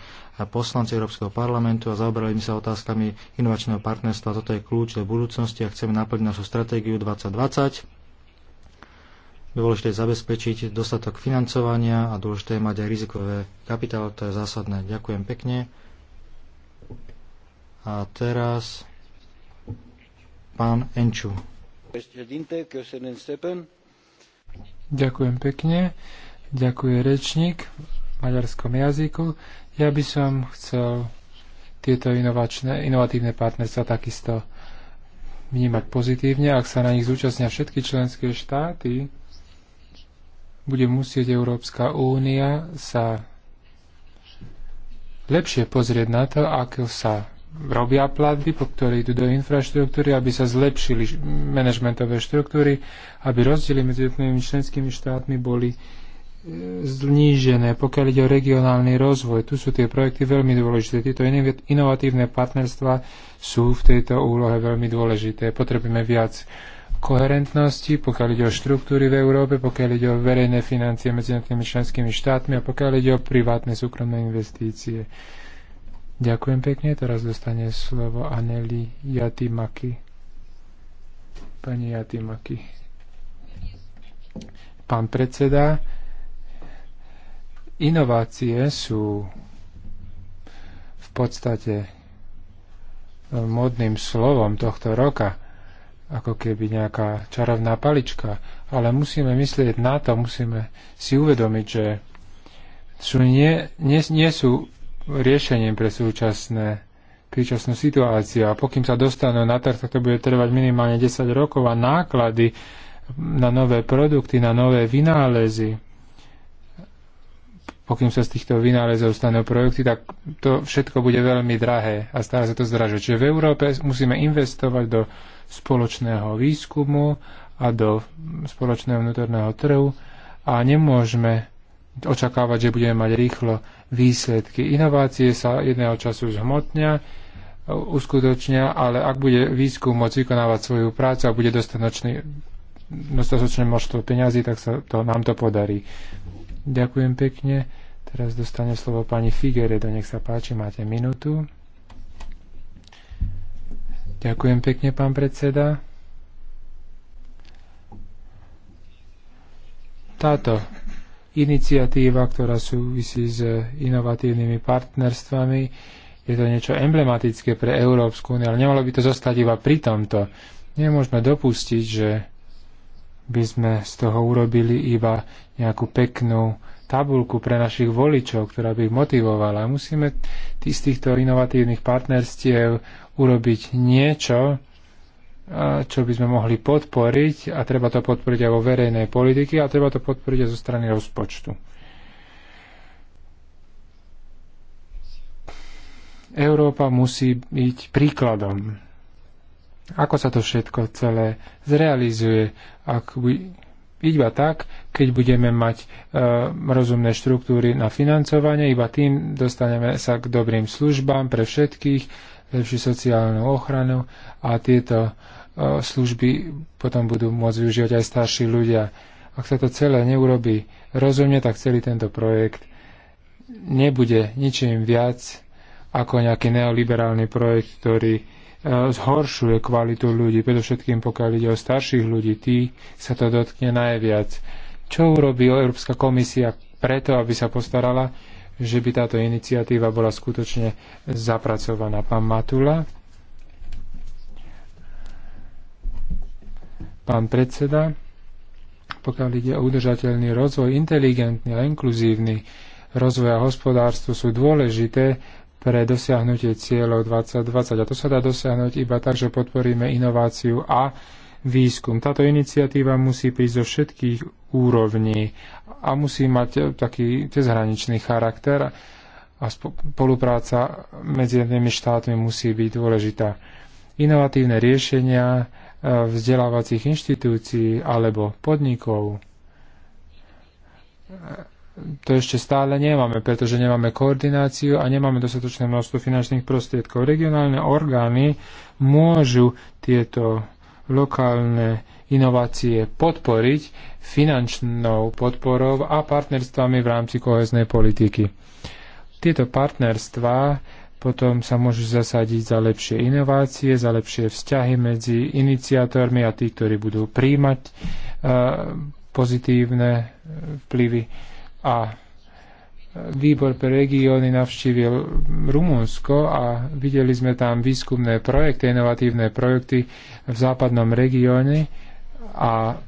poslanci Európskeho parlamentu a zaoberali sa otázkami inovačného partnerstva. Toto je kľúč do budúcnosti a chceme naplniť našu stratégiu 2020. Dôležité je zabezpečiť dostatok financovania a dôležité je mať aj rizikové kapitál, to je zásadné. Ďakujem pekne. A teraz pán Enču. Președinte, că ne începem. Ďakujem pekne. ďakujem rečník v maďarskom jazyku. Ja by som chcel tieto inovačné, inovatívne partnerstva takisto vnímať pozitívne. Ak sa na nich zúčastnia všetky členské štáty, bude musieť Európska únia sa lepšie pozrieť na to, ako sa robia platby, po ktoré idú do infraštruktúry, aby sa zlepšili manažmentové štruktúry, aby rozdiely medzi jednotlivými členskými štátmi boli e, znížené, pokiaľ ide o regionálny rozvoj. Tu sú tie projekty veľmi dôležité. Tieto inovatívne partnerstva sú v tejto úlohe veľmi dôležité. Potrebujeme viac koherentnosti, pokiaľ ide o štruktúry v Európe, pokiaľ ide o verejné financie medzi jednotlivými členskými štátmi a pokiaľ ide o privátne súkromné investície. Ďakujem pekne. Teraz dostane slovo Aneli Jatimaki. Pani Jatimaki. Pán predseda, inovácie sú v podstate e, modným slovom tohto roka ako keby nejaká čarovná palička, ale musíme myslieť na to, musíme si uvedomiť, že sú nie, nie, nie sú riešením pre súčasné príčasnú situáciu a pokým sa dostanú na trh, tak to bude trvať minimálne 10 rokov a náklady na nové produkty, na nové vynálezy, pokým sa z týchto vynálezov stanú projekty, tak to všetko bude veľmi drahé a stále sa to zdražuje. Čiže v Európe musíme investovať do spoločného výskumu a do spoločného vnútorného trhu a nemôžeme očakávať, že budeme mať rýchlo výsledky. Inovácie sa jedného času zhmotnia, uskutočnia, ale ak bude výskum môcť vykonávať svoju prácu a bude dostatočné množstvo peňazí, tak sa to, nám to podarí. Ďakujem pekne. Teraz dostane slovo pani do Nech sa páči, máte minútu. Ďakujem pekne, pán predseda. Táto iniciatíva, ktorá súvisí s eh, inovatívnymi partnerstvami. Je to niečo emblematické pre Európsku úniu, ale nemalo by to zostať iba pri tomto. Nemôžeme dopustiť, že by sme z toho urobili iba nejakú peknú tabulku pre našich voličov, ktorá by ich motivovala. Musíme z týchto inovatívnych partnerstiev urobiť niečo, čo by sme mohli podporiť a treba to podporiť aj vo verejnej politiky a treba to podporiť aj zo strany rozpočtu. Európa musí byť príkladom. Ako sa to všetko celé zrealizuje, ak by, iba tak, keď budeme mať e, rozumné štruktúry na financovanie, iba tým dostaneme sa k dobrým službám pre všetkých lepšiu sociálnu ochranu a tieto e, služby potom budú môcť využívať aj starší ľudia. Ak sa to celé neurobi rozumne, tak celý tento projekt nebude ničím viac ako nejaký neoliberálny projekt, ktorý e, zhoršuje kvalitu ľudí, predovšetkým pokiaľ ide o starších ľudí, tí sa to dotkne najviac. Čo urobí Európska komisia preto, aby sa postarala, že by táto iniciatíva bola skutočne zapracovaná. Pán Matula, pán predseda, pokiaľ ide o udržateľný rozvoj, inteligentný a inkluzívny rozvoj a hospodárstvo sú dôležité pre dosiahnutie cieľov 2020. A to sa dá dosiahnuť iba tak, že podporíme inováciu a výskum. Táto iniciatíva musí prísť zo všetkých úrovní a musí mať taký cezhraničný charakter a spolupráca medzi jednými štátmi musí byť dôležitá. Inovatívne riešenia e, vzdelávacích inštitúcií alebo podnikov. E, to ešte stále nemáme, pretože nemáme koordináciu a nemáme dostatočné množstvo finančných prostriedkov. Regionálne orgány môžu tieto lokálne inovácie podporiť finančnou podporou a partnerstvami v rámci koheznej politiky. Tieto partnerstvá potom sa môžu zasadiť za lepšie inovácie, za lepšie vzťahy medzi iniciátormi a tí, ktorí budú príjmať eh, pozitívne vplyvy a výbor pre regióny navštívil Rumunsko a videli sme tam výskumné projekty, inovatívne projekty v západnom regióne a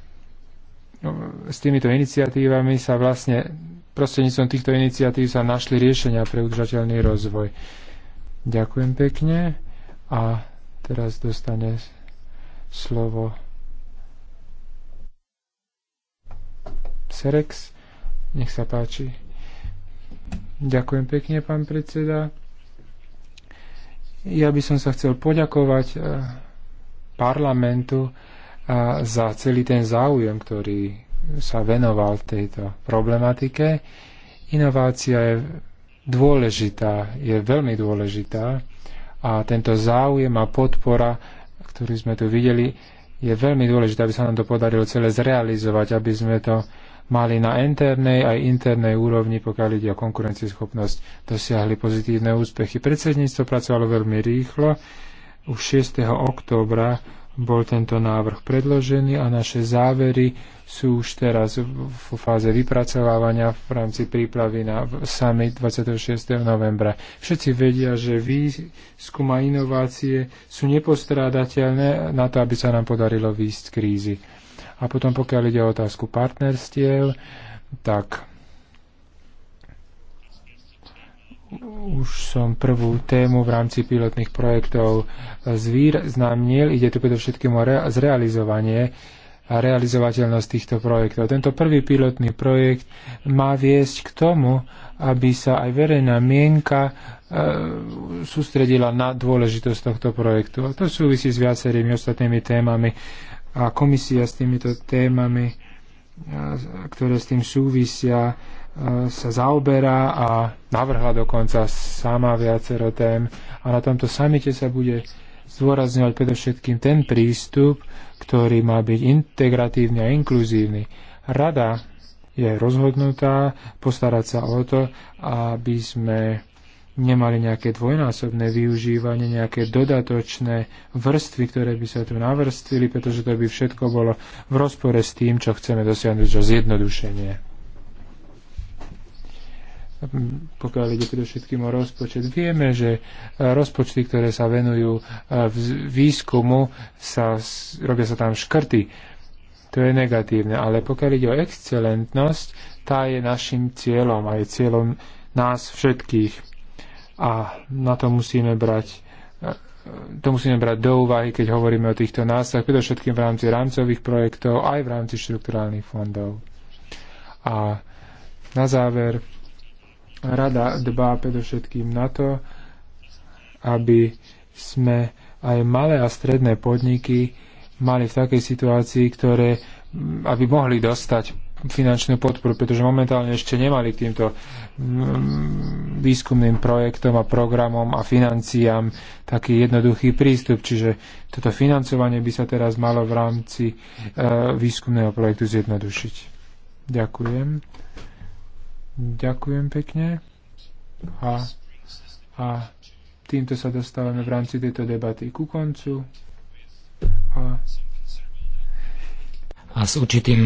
no, s týmito iniciatívami sa vlastne prostredníctvom týchto iniciatív sa našli riešenia pre udržateľný rozvoj. Ďakujem pekne a teraz dostane slovo Serex. Nech sa páči. Ďakujem pekne, pán predseda. Ja by som sa chcel poďakovať eh, parlamentu eh, za celý ten záujem, ktorý sa venoval tejto problematike. Inovácia je dôležitá, je veľmi dôležitá a tento záujem a podpora, ktorý sme tu videli, je veľmi dôležité, aby sa nám to podarilo celé zrealizovať, aby sme to mali na internej aj internej úrovni, pokiaľ ide o konkurencieschopnosť, dosiahli pozitívne úspechy. Predsedníctvo pracovalo veľmi rýchlo. Už 6. októbra bol tento návrh predložený a naše závery sú už teraz v fáze vypracovávania v rámci prípravy na summit 26. novembra. Všetci vedia, že výskum a inovácie sú nepostrádateľné na to, aby sa nám podarilo výjsť z krízy. A potom pokiaľ ide o otázku partnerstiev, tak už som prvú tému v rámci pilotných projektov zvýznamnil. Ide tu predovšetkým o rea- zrealizovanie a realizovateľnosť týchto projektov. Tento prvý pilotný projekt má viesť k tomu, aby sa aj verejná mienka e, sústredila na dôležitosť tohto projektu. A to súvisí s viacerými ostatnými témami, a komisia s týmito témami, e, ktoré s tým súvisia, e, sa zaoberá a navrhla dokonca sama viacero tém. A na tomto samite sa bude zdôrazňovať predovšetkým ten prístup, ktorý má byť integratívny a inkluzívny. Rada je rozhodnutá postarať sa o to, aby sme nemali nejaké dvojnásobné využívanie, nejaké dodatočné vrstvy, ktoré by sa tu navrstvili, pretože to by všetko bolo v rozpore s tým, čo chceme dosiahnuť, čo zjednodušenie pokiaľ ide predovšetkým o rozpočet. Vieme, že rozpočty, ktoré sa venujú e, výskumu, sa, robia sa tam škrty. To je negatívne, ale pokiaľ ide o excelentnosť, tá je našim cieľom a je cieľom nás všetkých a na to musíme brať e, to musíme brať do úvahy, keď hovoríme o týchto nástroch, predovšetkým v rámci rámcových projektov, aj v rámci štrukturálnych fondov. A na záver, rada dbá predovšetkým na to, aby sme aj malé a stredné podniky mali v takej situácii, ktoré aby mohli dostať finančnú podporu, pretože momentálne ešte nemali k týmto mm, výskumným projektom a programom a financiám taký jednoduchý prístup. Čiže toto financovanie by sa teraz malo v rámci e, výskumného projektu zjednodušiť. Ďakujem. Ďakujem pekne. A, a týmto sa dostávame v rámci tejto debaty ku koncu. A a s určitým